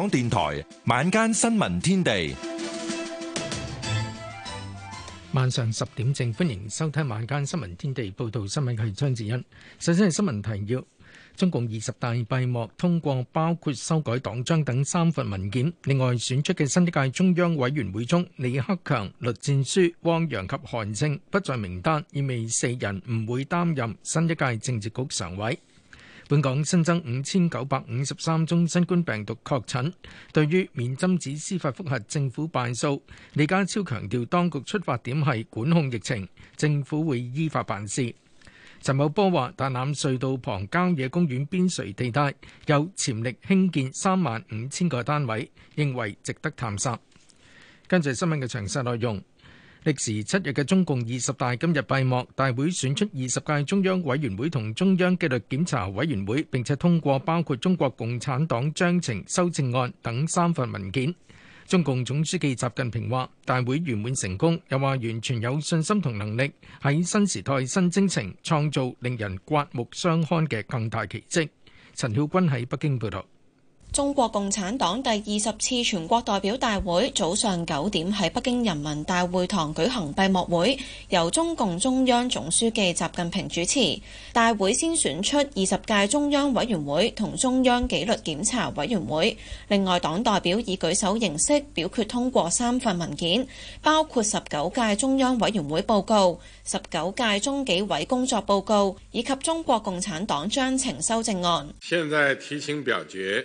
港電台晚間新聞天地，晚上十點正，歡迎收聽晚間新聞天地。報道新聞係張智欣。首先係新聞提要：中共二十大閉幕，通過包括修改黨章等三份文件。另外選出嘅新一屆中央委員會中，李克強、栗戰書、汪洋及韓正不在名單，意味四人唔會擔任新一屆政治局常委。本港新增五千九百五十三宗新冠病毒確診。對於免針紙司法復核，政府敗訴，李家超強調，當局出發點係管控疫情，政府會依法辦事。陳茂波話：大欖隧道旁郊野公園邊陲地帶有潛力興建三萬五千個單位，認為值得探索。跟住新聞嘅詳細內容。歷時七日嘅中共二十大今日閉幕，大會選出二十屆中央委員會同中央紀律檢查委員會，並且通過包括中國共產黨章程修正案等三份文件。中共總書記習近平話：大會圓滿成功，又話完全有信心同能力喺新時代新征程創造令人刮目相看嘅更大奇跡。陳曉君喺北京報道。中國共產黨第二十次全國代表大會早上九點喺北京人民大會堂舉行閉幕會，由中共中央總書記習近平主持。大會先選出二十屆中央委員會同中央紀律檢查委員會。另外，黨代表以舉手形式表決通過三份文件，包括十九屆中央委員會報告、十九屆中紀委工作報告以及中國共產黨章程修正案。現在提請表決。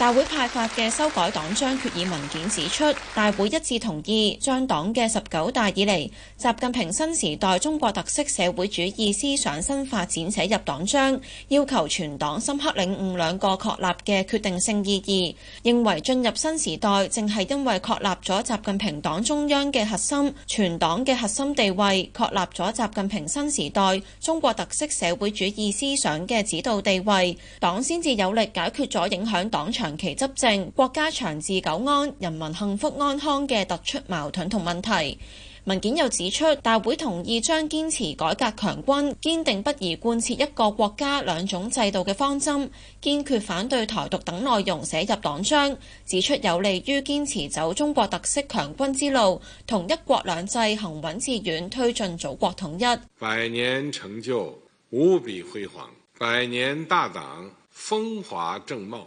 大會派發嘅修改黨章決議文件指出，大會一致同意將黨嘅十九大以嚟習近平新時代中國特色社會主義思想新發展寫入黨章，要求全黨深刻領悟兩個確立嘅決定性意義，認為進入新時代正係因為確立咗習近平黨中央嘅核心、全黨嘅核心地位，確立咗習近平新時代中國特色社會主義思想嘅指導地位，黨先至有力解決咗影響黨長。長期執政，國家長治久安、人民幸福安康嘅突出矛盾同問題。文件又指出，大會同意將堅持改革強軍、堅定不移貫徹一個國家兩種制度嘅方針，堅決反對台獨等內容寫入黨章，指出有利於堅持走中國特色強軍之路，同一國兩制，行穩致遠，推進祖國統一。百年成就無比輝煌，百年大黨風華正茂。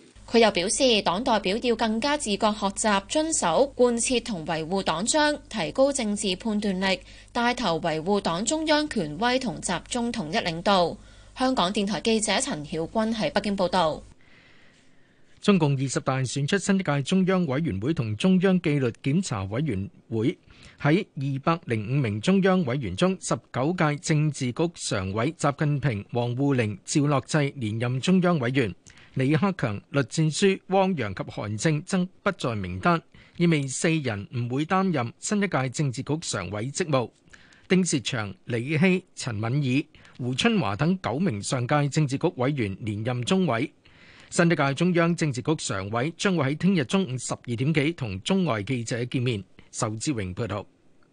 佢又表示，黨代表要更加自覺學習、遵守、貫徹同維護黨章，提高政治判斷力，帶頭維護黨中央權威同集中統一領導。香港電台記者陳曉君喺北京報道。中共二十大選出新一屆中央委員會同中央紀律檢查委員會，喺二百零五名中央委員中，十九屆政治局常委習近平、王滬寧、趙樂際連任中央委員。李克強、栗戰書、汪洋及韓正曾不在名單，意味四人唔會擔任新一屆政治局常委職務。丁薛祥、李希、陳敏爾、胡春華等九名上屆政治局委員連任中委。新一屆中央政治局常委將會喺聽日中午十二點幾同中外記者見面。仇志榮報道。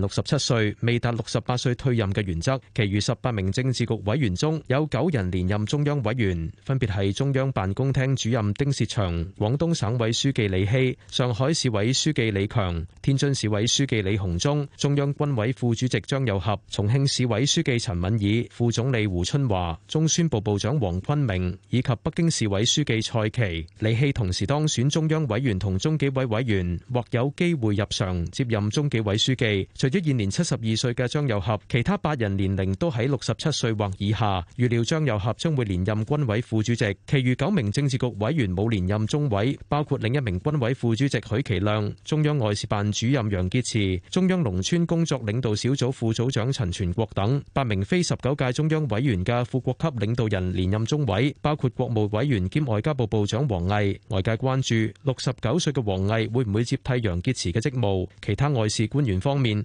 六十七歲未達六十八歲退任嘅原則，其餘十八名政治局委員中有九人連任中央委員，分別係中央辦公廳主任丁薛祥、廣東省委書記李希、上海市委書記李強、天津市委書記李鴻忠、中央軍委副主席張又俠、重慶市委書記陳敏爾、副總理胡春華、中宣部部長黃坤明以及北京市委書記蔡奇。李希同時當選中央委員同中紀委委員，或有機會入常接任中紀委書記。除咗現年七十二歲嘅張又俠，其他八人年齡都喺六十七歲或以下。預料張又俠將會連任軍委副主席，其餘九名政治局委員冇連任中委，包括另一名軍委副主席許其亮、中央外事辦主任楊潔篪、中央農村工作領導小組副組長陳全國等八名非十九屆中央委員嘅副國級領導人連任中委，包括國務委員兼外交部部長王毅。外界關注六十九歲嘅王毅會唔會接替楊潔篪嘅職務？其他外事官員方面。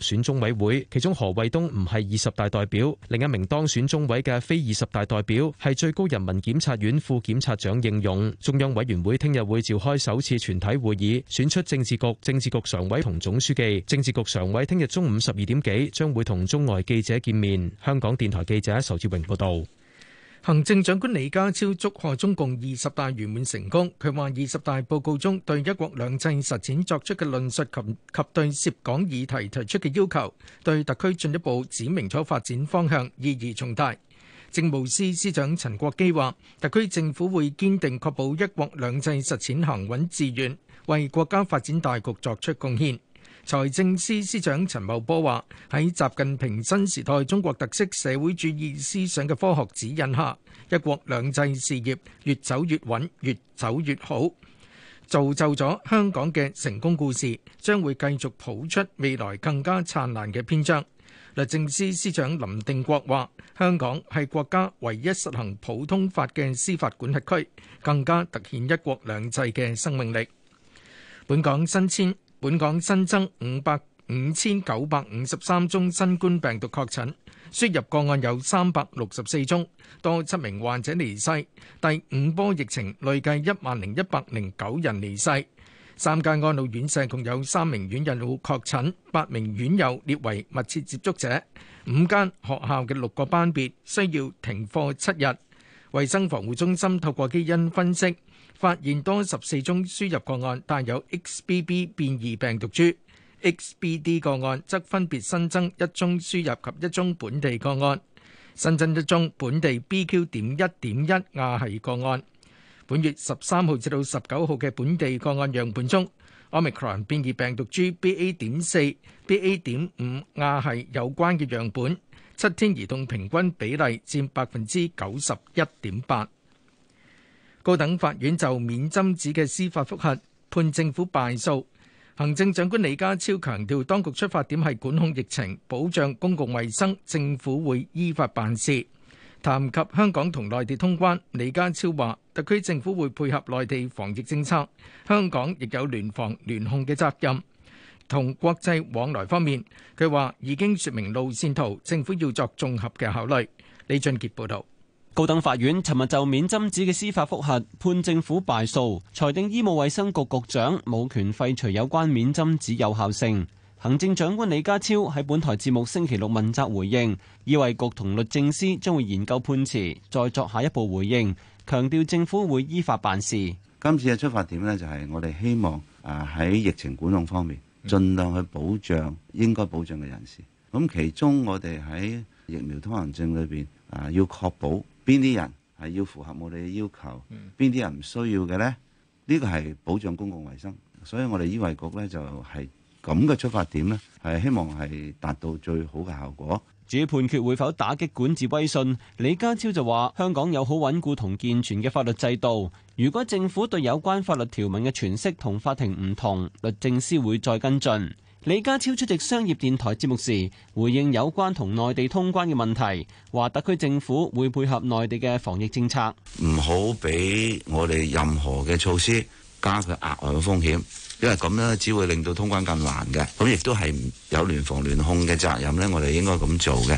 選中委會，其中何衛東唔係二十大代表，另一名當選中委嘅非二十大代表係最高人民檢察院副檢察長應勇。中央委員會聽日會召開首次全體會議，選出政治局、政治局常委同總書記。政治局常委聽日中午十二點幾將會同中外記者見面。香港電台記者仇志榮報道。行政長官李家超祝賀中共二十大圓滿成功。佢話，二十大報告中對一國兩制實踐作出嘅論述及及對涉港議題提出嘅要求，對特區進一步指明咗發展方向，意義重大。政務司司長陳國基話，特區政府會堅定確保一國兩制實踐行穩致遠，為國家發展大局作出貢獻。財政司司長陳茂波話：喺習近平新時代中國特色社會主義思想嘅科學指引下，一國兩制事業越走越穩，越走越好，造就咗香港嘅成功故事，將會繼續譜出未來更加燦爛嘅篇章。律政司司長林定國話：香港係國家唯一實行普通法嘅司法管轄區，更加突顯一國兩制嘅生命力。本港新簽本港新增五百五千九百五十三宗新冠病毒確診，輸入個案有三百六十四宗，多七名患者離世。第五波疫情累計一萬零一百零九人離世。三間安老院舍共有三名院人友確診，八名院友列為密切接觸者。五間學校嘅六個班別需要停課七日。衛生防護中心透過基因分析。發現多十四宗輸入個案帶有 XBB 變異病毒株，XBD 個案則分別新增一宗輸入及一宗本地個案，新增一宗本地 BQ. 點一點一亞系個案。本月十三號至到十九號嘅本地個案樣本中，Omicron 變異病毒株 BA. 點四、BA. 點五亞系有關嘅樣本，七天移動平均比例佔百分之九十一點八。高等法院就免針紙嘅司法覆核判政府敗訴。行政長官李家超強調，當局出發點係管控疫情、保障公共衞生，政府會依法辦事。談及香港同內地通關，李家超話：特區政府會配合內地防疫政策，香港亦有聯防聯控嘅責任。同國際往來方面，佢話已經説明路線圖，政府要作綜合嘅考慮。李俊傑報導。高等法院尋日就免針紙嘅司法覆核判政府敗訴，裁定醫務衛生局局長冇權廢除有關免針紙有效性。行政長官李家超喺本台節目星期六問責回應，醫衞局同律政司將會研究判詞，再作下一步回應，強調政府會依法辦事。今次嘅出發點呢，就係我哋希望啊喺疫情管控方面，盡量去保障應該保障嘅人士。咁其中我哋喺疫苗通行證裏邊啊，要確保。邊啲人係要符合我哋嘅要求？邊啲人唔需要嘅呢？呢個係保障公共衛生，所以我哋醫衛局呢，就係咁嘅出發點呢係希望係達到最好嘅效果。至於判決會否打擊管治威信？李家超就話：香港有好穩固同健全嘅法律制度。如果政府對有關法律條文嘅詮釋同法庭唔同，律政司會再跟進。李家超出席商業電台節目時，回應有關同內地通關嘅問題，話特區政府會配合內地嘅防疫政策，唔好俾我哋任何嘅措施加佢額外嘅風險，因為咁樣只會令到通關更難嘅。咁亦都係有聯防聯控嘅責任呢，我哋應該咁做嘅。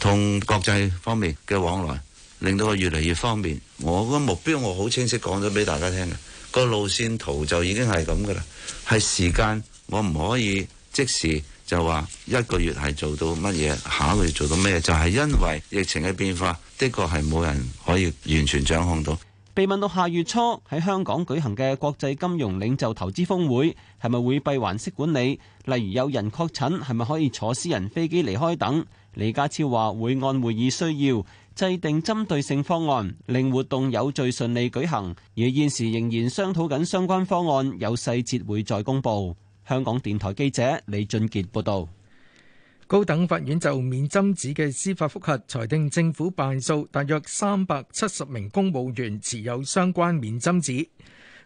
同國際方面嘅往來，令到佢越嚟越方便。我個目標我好清晰講咗俾大家聽嘅，個路線圖就已經係咁噶啦，係時間我唔可以。即使就話一個月係做到乜嘢，下個月做到咩，就係因為疫情嘅變化，的確係冇人可以完全掌控到。被問到下月初喺香港舉行嘅國際金融領袖投資峰會，係咪會閉環式管理，例如有人確診，係咪可以坐私人飛機離開等，李家超話會按會議需要制定針對性方案，令活動有序順利舉行，而現時仍然商討緊相關方案，有細節會再公布。香港電台記者李俊杰報道，高等法院就免針紙嘅司法複核裁定政府敗訴，大約三百七十名公務員持有相關免針紙。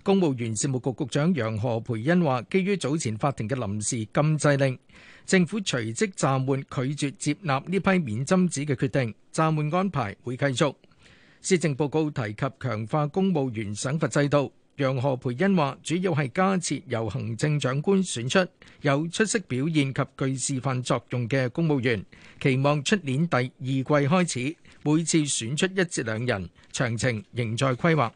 公務員事務局局，局長楊何培恩話：基於早前法庭嘅臨時禁制令，政府隨即暫緩拒絕接納呢批免針紙嘅決定，暫緩安排會繼續。施政報告提及強化公務員賞罰制度。楊何培恩話：主要係加設由行政長官選出、有出色表現及具示範作用嘅公務員，期望出年第二季開始，每次選出一至兩人，詳情仍在規劃。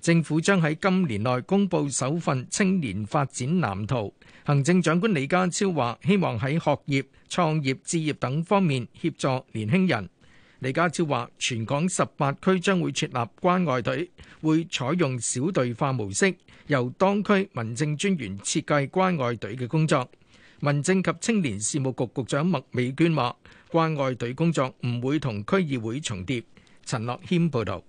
政府將喺今年內公佈首份青年發展藍圖。行政長官李家超話：希望喺學業、創業、置業等方面協助年輕人。李家超話：全港十八區將會設立關愛隊，會採用小隊化模式，由當區民政專員設計關愛隊嘅工作。民政及青年事務局局長麥美娟話：關愛隊工作唔會同區議會重疊。陳樂軒報導。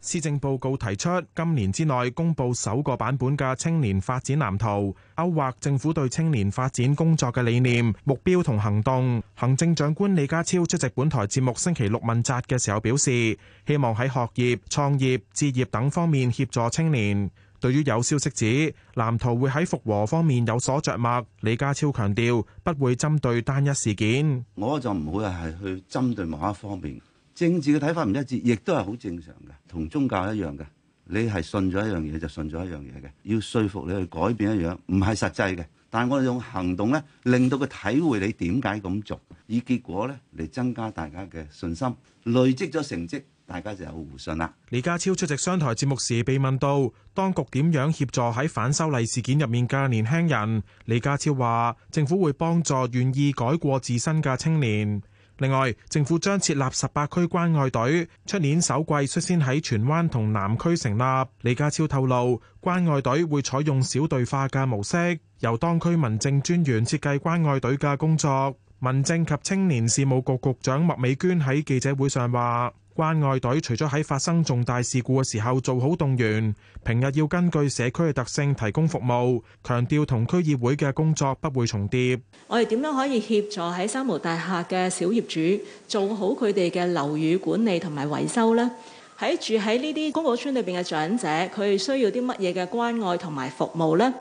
施政報告提出，今年之內公布首個版本嘅青年發展藍圖，勾畫政府對青年發展工作嘅理念、目標同行動。行政長官李家超出席本台節目星期六問責嘅時候表示，希望喺學業、創業、置業等方面協助青年。對於有消息指藍圖會喺復和方面有所着墨，李家超強調不會針對單一事件，我就唔會係去針對某一方面。政治嘅睇法唔一致，亦都係好正常嘅，同宗教一樣嘅。你係信咗一樣嘢就信咗一樣嘢嘅，要說服你去改變一樣唔係實際嘅，但係我哋用行動咧令到佢體會你點解咁做，以結果咧嚟，增加大家嘅信心，累積咗成績，大家就有互信啦。李家超出席商台節目時被問到，當局點樣協助喺反修例事件入面嘅年輕人？李家超話政府會幫助願意改過自身嘅青年。另外，政府將設立十八區關愛隊，出年首季率先喺荃灣同南區成立。李家超透露，關愛隊會採用小隊化嘅模式，由當區民政專員設計關愛隊嘅工作。民政及青年事務局局局長麥美娟喺記者會上話。關愛隊除咗喺發生重大事故嘅時候做好動員，平日要根據社區嘅特性提供服務，強調同區議會嘅工作不會重疊。我哋點樣可以協助喺三毛大廈嘅小業主做好佢哋嘅樓宇管理同埋維修呢？喺住喺呢啲公屋村裏邊嘅長者，佢哋需要啲乜嘢嘅關愛同埋服務呢？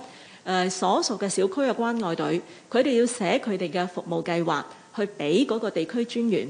誒，所屬嘅小區嘅關愛隊，佢哋要寫佢哋嘅服務計劃，去俾嗰個地區專員。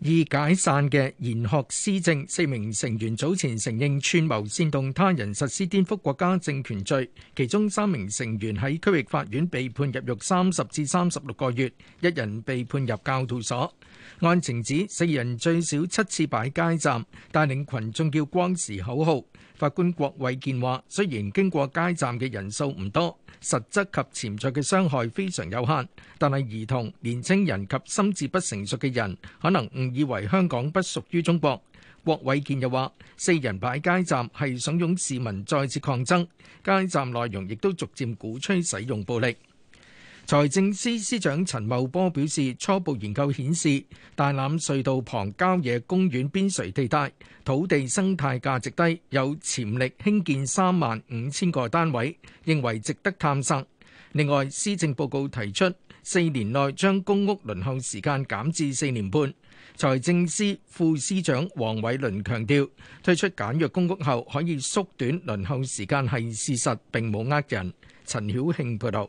已解散嘅賢學思政四名成員早前承認串謀煽動他人實施顛覆國家政權罪，其中三名成員喺區域法院被判入獄三十至三十六個月，一人被判入教導所。案情指四人最少七次擺街站，帶領群眾叫光時口號。法官郭偉健話，雖然經過街站嘅人數唔多，實質及潛在嘅傷害非常有限，但係兒童、年青人及心智不成熟嘅人，可能誤以為香港不屬於中國。郭偉健又話，四人擺街站係慫恿市民再次抗爭，街站內容亦都逐漸鼓吹使用暴力。財政司司長陳茂波表示，初步研究顯示大欖隧道旁郊野公園邊陲地帶土地生態價值低，有潛力興建三萬五千個單位，認為值得探索。另外，施政報告提出四年內將公屋輪候時間減至四年半。財政司副司長黃偉綸強調，推出簡約公屋後，可以縮短輪候時間係事實，並冇呃人。陳曉慶報道。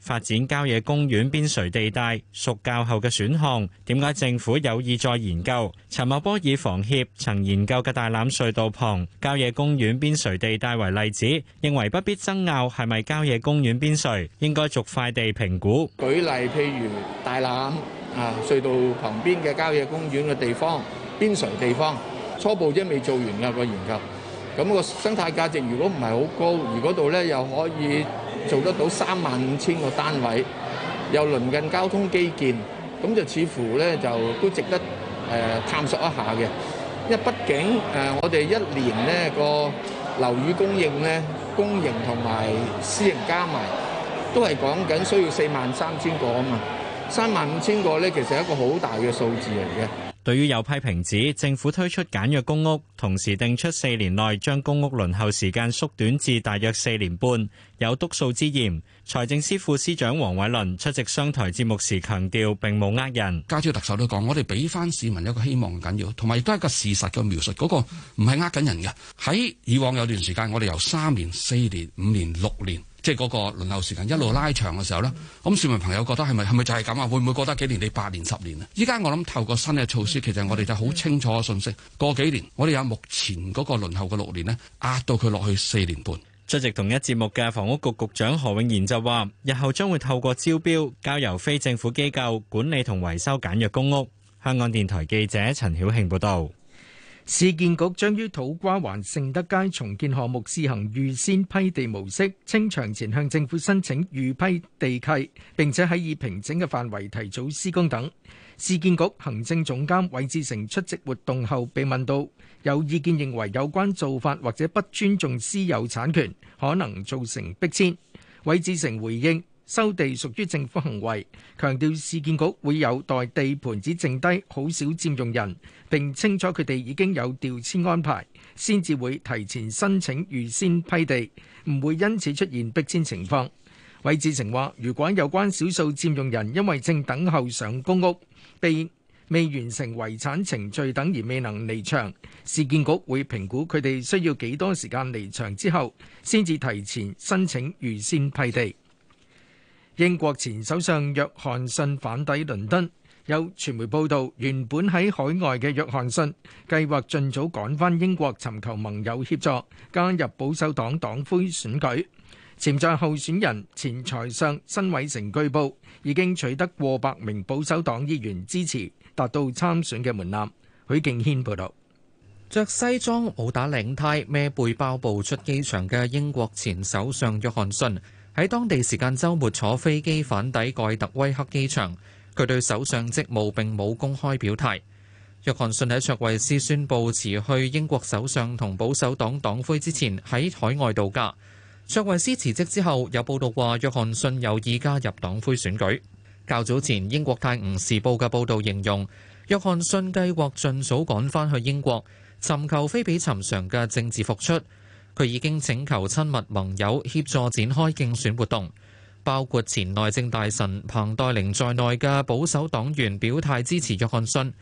發展郊野公園邊陲地帶屬較後嘅選項，點解政府有意再研究？陳茂波以房協曾研究嘅大欖隧道旁郊野公園邊陲地帶為例子，認為不必爭拗係咪郊野公園邊陲，應該逐塊地評估。舉例譬如大欖啊隧道旁邊嘅郊野公園嘅地方邊陲地方，初步啫未做完啊個研究，咁個生態價值如果唔係好高，而嗰度呢又可以。做得到三萬五千個單位，又鄰近交通基建，咁就似乎呢就都值得誒、呃、探索一下嘅。因為畢竟誒、呃、我哋一年呢、個樓宇供應呢，供應同埋私人加埋，都係講緊需要四萬三千個啊嘛。三萬五千個呢其實係一個好大嘅數字嚟嘅。對於有批評指政府推出簡約公屋，同時定出四年內將公屋輪候時間縮短至大約四年半，有督數之嫌。財政司副司長黃偉綸出席商台節目時強調，並冇呃人。家超特首都講，我哋俾翻市民一個希望緊要，同埋亦都係一個事實嘅描述，嗰、那個唔係呃緊人嘅。喺以往有段時間，我哋由三年、四年、五年、六年。即係嗰個輪候時間一路拉長嘅時候呢，咁市民朋友覺得係咪係咪就係咁啊？會唔會覺得幾年、你八年、十年啊？依家我諗透過新嘅措施，其實我哋就好清楚嘅信息。過幾年，我哋有目前嗰個輪候嘅六年呢，壓到佢落去四年半。出席同一節目嘅房屋局局長何永賢就話，日後將會透過招標交由非政府機構管理同維修簡約公屋。香港電台記者陳曉慶報導。市建局將於土瓜灣盛德街重建項目試行預先批地模式，清場前向政府申請預批地契，並且喺已平整嘅範圍提早施工等。市建局行政總監韋志成出席活動後被問到，有意見認為有關做法或者不尊重私有產權，可能造成逼遷。韋志成回應。收地屬於政府行為，強調市建局會有待地盤只剩低好少佔用人，並清楚佢哋已經有調遷安排，先至會提前申請預先批地，唔會因此出現逼遷情況。韋志成話：如果有關少數佔用人因為正等候上公屋、被未完成遺產程序等而未能離場，市建局會評估佢哋需要幾多時間離場之後，先至提前申請預先批地。英國前首相約翰遜返抵倫敦，有傳媒報道，原本喺海外嘅約翰遜計劃盡早趕返英國，尋求盟友協助加入保守黨黨魁選舉。潛在候選人前財相辛偉誠據報已經取得過百名保守黨議員支持，達到參選嘅門檻。許敬軒報導，著西裝冇打領呔孭背包步出機場嘅英國前首相約翰遜。喺當地時間週末坐飛機返抵蓋特威克機場，佢對首相職務並冇公開表態。約翰遜喺卓慧思宣布辭去英國首相同保守黨黨魁之前喺海外度假。卓慧思辭職之後，有報道話約翰遜有意加入黨魁選舉。較早前英國《泰晤士報》嘅報導形容，約翰遜計劃盡早趕返去英國，尋求非比尋常嘅政治復出。佢已經請求親密盟友協助展開競選活動，包括前內政大臣彭黛玲在內嘅保守黨員表態支持約翰遜，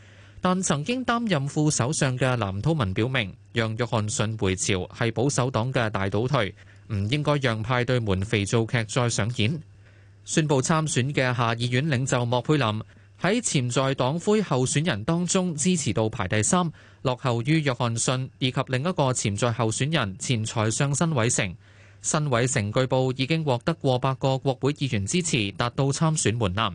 但曾經擔任副首相嘅藍韜文表明，讓約翰遜回朝係保守黨嘅大倒退，唔應該讓派對門肥皂劇再上演。宣布參選嘅下議院領袖莫佩林。喺潛在，在黨魁候選人當中，支持度排第三，落後於約翰遜以及另一個潛在候選人前財相新偉成。新偉成據報已經獲得過百個國會議員支持，達到參選門檻。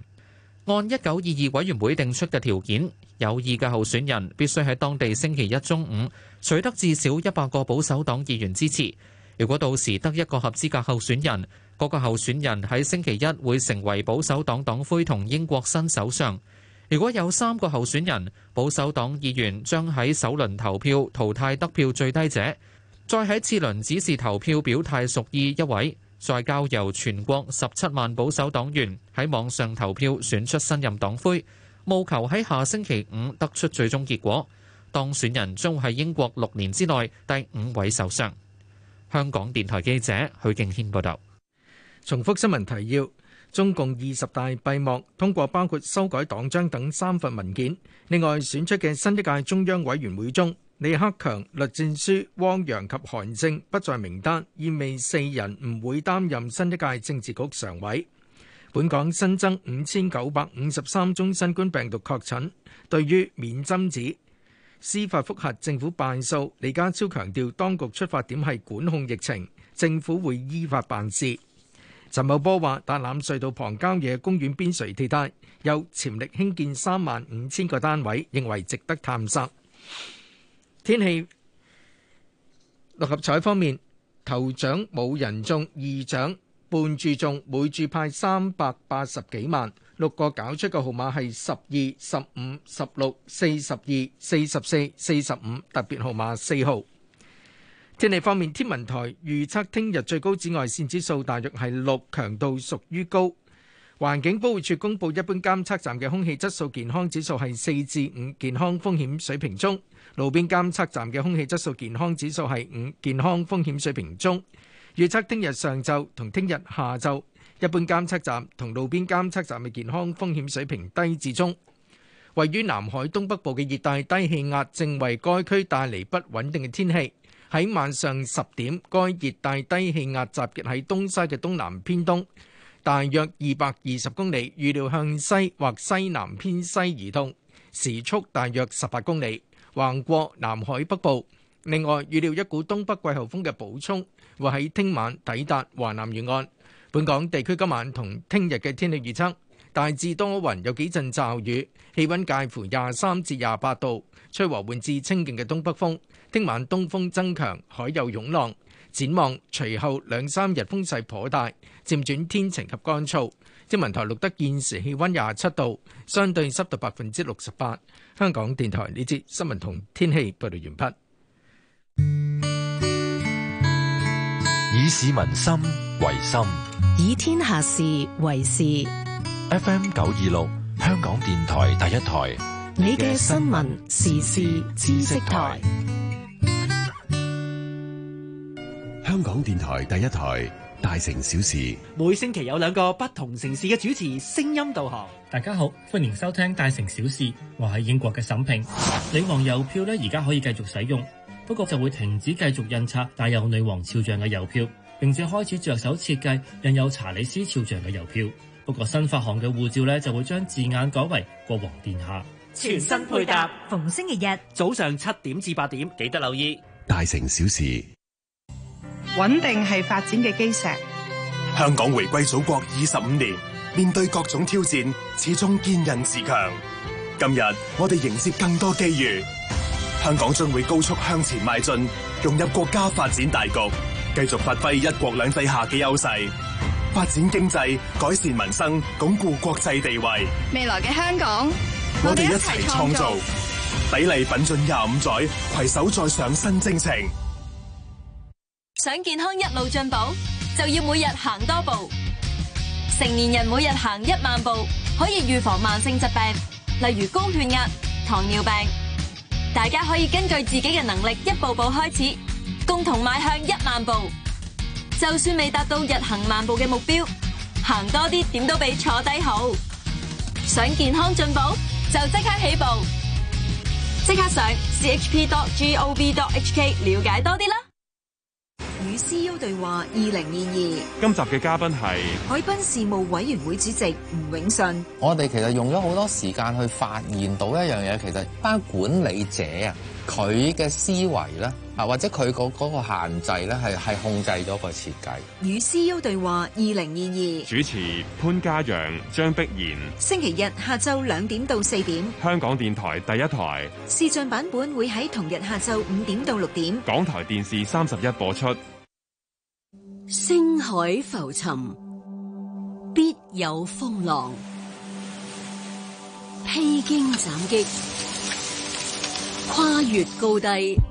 按一九二二委員會定出嘅條件，有意嘅候選人必須喺當地星期一中午取得至少一百個保守黨議員支持。如果到時得一個合資格候選人，個個候選人喺星期一會成為保守黨黨魁同英國新首相。如果有三個候選人，保守黨議員將喺首輪投票淘汰得票最低者，再喺次輪指示投票表態，屬意一位，再交由全國十七萬保守黨員喺網上投票選出新任黨魁，務求喺下星期五得出最終結果。當選人將係英國六年之內第五位首相。香港電台記者許敬軒報道。重複新聞提要：中共二十大閉幕，通過包括修改黨章等三份文件。另外選出嘅新一屆中央委員會中，李克強、栗戰書、汪洋及韓正不在名單，意味四人唔會擔任新一屆政治局常委。本港新增五千九百五十三宗新冠病毒確診。對於免針紙，司法覆核政府敗訴，李家超強調，當局出發點係管控疫情，政府會依法辦事。陳茂波話：大欖隧道旁郊野公園邊陲地帶有潛力興建三萬五千個單位，認為值得探索。天氣六合彩方面，頭獎冇人中，二獎半注中，每注派三百八十幾萬。六個搞出嘅號碼係十二、十五、十六、四十二、四十四、四十五，特別號碼四號。天氣方面，天文台預測聽日最高紫外線指數大約係六，強度屬於高。環境保護署公布一般監測站嘅空氣質素健康指數係四至五，健康風險水平中；路邊監測站嘅空氣質素健康指數係五，健康風險水平中。預測聽日上晝同聽日下晝，一般監測站同路邊監測站嘅健康風險水平低至中。位於南海東北部嘅熱帶低氣壓正為該區帶嚟不穩定嘅天氣。喺晚上十點，該熱帶低氣壓集結喺東西嘅東南偏東，大約二百二十公里，預料向西或西南偏西移動，時速大約十八公里，橫過南海北部。另外，預料一股東北季候風嘅補充會喺聽晚抵達華南沿岸。本港地區今晚同聽日嘅天氣預測，大致多雲，有幾陣驟雨，氣温介乎廿三至廿八度，吹和緩至清勁嘅東北風。聽晚東風增強，海有湧浪。展望隨後兩三日風勢頗大，漸轉天晴及乾燥。天文台錄得現時氣温廿七度，相對濕度百分之六十八。香港電台呢節新聞同天氣報道完畢。以市民心為心，以天下事為事。FM 九二六，香港電台第一台，你嘅新聞時事知識台。香港電台第一台《大城小事》，每星期有兩個不同城市嘅主持聲音導航。大家好，歡迎收聽《大城小事》。我係英國嘅沈平，女王郵票咧，而家可以繼續使用，不過就會停止繼續印刷帶有女王肖像嘅郵票，並且開始着手設計印有查理斯肖像嘅郵票。不過新發行嘅護照咧，就會將字眼改為國王殿下。全新配搭，逢星期日早上七點至八點記得留意《大城小事》。穩定係發展嘅基石。香港回歸祖國二十五年，面對各種挑戰，始終堅韌自強。今日我哋迎接更多機遇，香港將會高速向前邁進，融入國家發展大局，繼續發揮一國兩制下嘅優勢，發展經濟，改善民生，鞏固國際地位。未來嘅香港，我哋一齊創造，砥礪奮進廿五載，攜手再上新征程。想健康一路進步，就要每日行多步。成年人每日行一萬步可以預防慢性疾病，例如高血壓、糖尿病。大家可以根據自己嘅能力，一步步開始，共同邁向一萬步。就算未達到日行萬步嘅目標，行多啲點都比坐低好。想健康進步，就即刻起步，即刻上 chp.gov.hk 了解多啲啦。與 C U 對話二零二二，今集嘅嘉賓係海濱事務委員會主席吳永信。我哋其實用咗好多時間去發現到一樣嘢，其實班管理者啊，佢嘅思維咧，啊或者佢嗰個限制咧，係係控制咗個設計。與 C U 對話二零二二，主持潘嘉陽、張碧賢。星期日下晝兩點到四點，香港電台第一台視像版本會喺同日下晝五點到六點，港台電視三十一播出。星海浮沉，必有風浪；披荊斬棘，跨越高低。